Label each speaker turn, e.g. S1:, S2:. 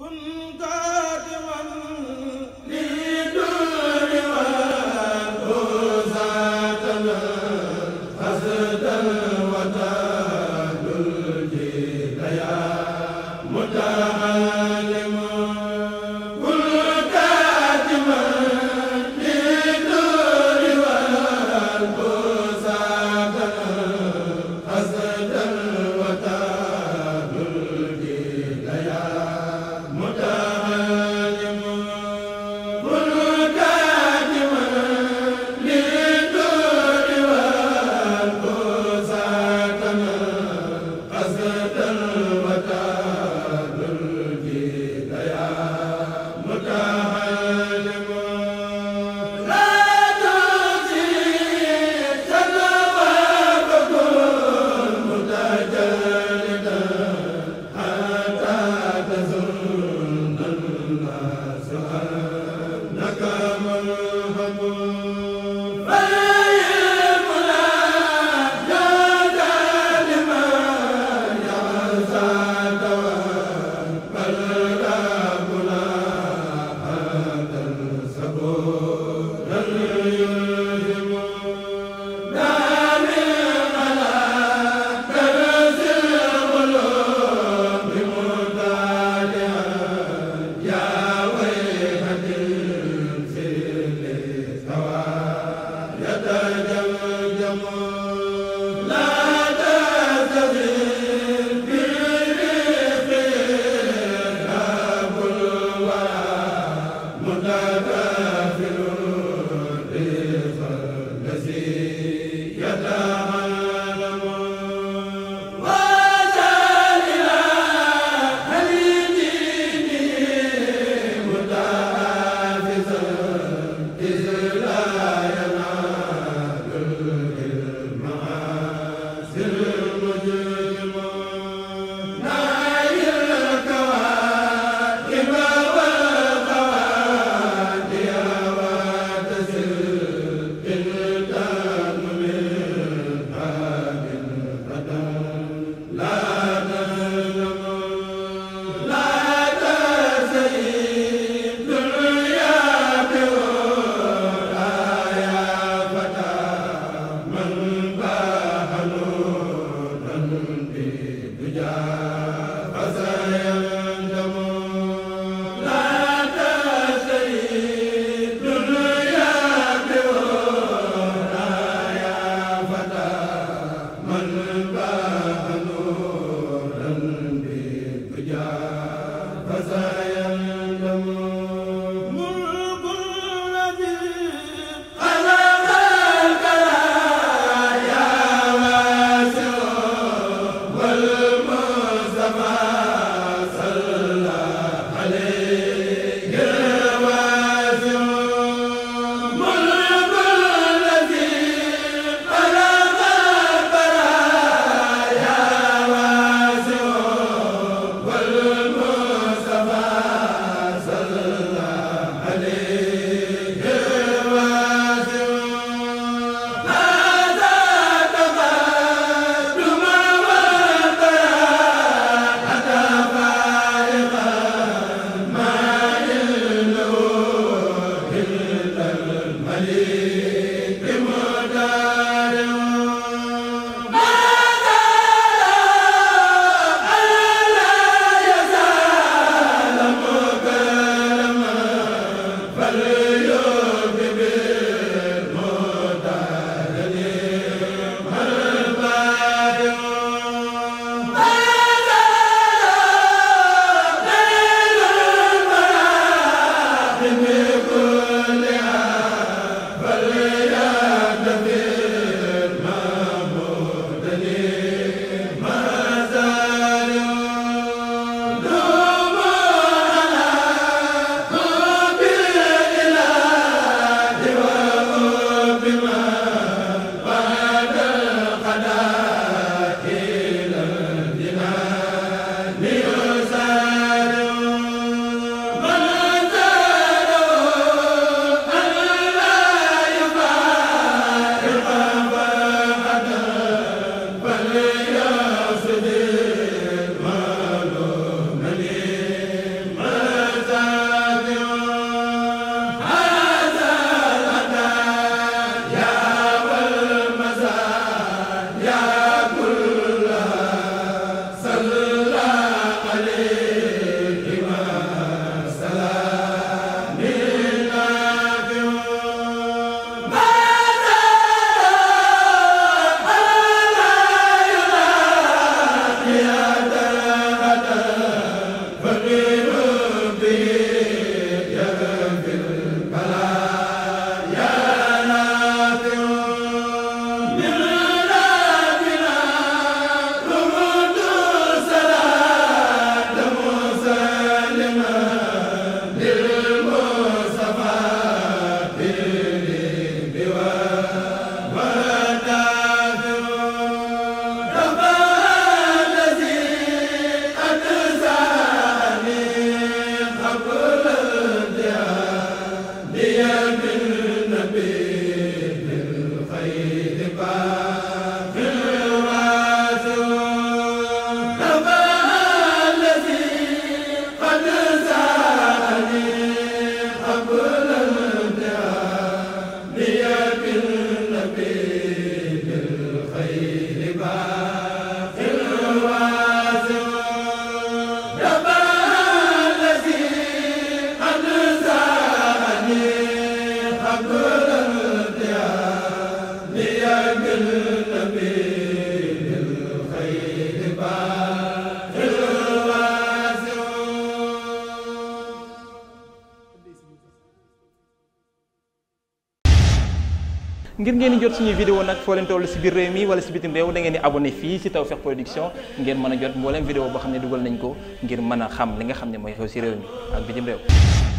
S1: Kun Spirit. ngir ngeen jot suñu vidéo nak fo leen tollu ci biir réew mi wala ci bitim réew da ngeen di abonné fii ci Tawfiq production ngeen mën a jot mbooleem vidéo boo xam ne dugal nañ ko ngir mën xam li nga xam ne xew si réew mi ak ah, bitim réew.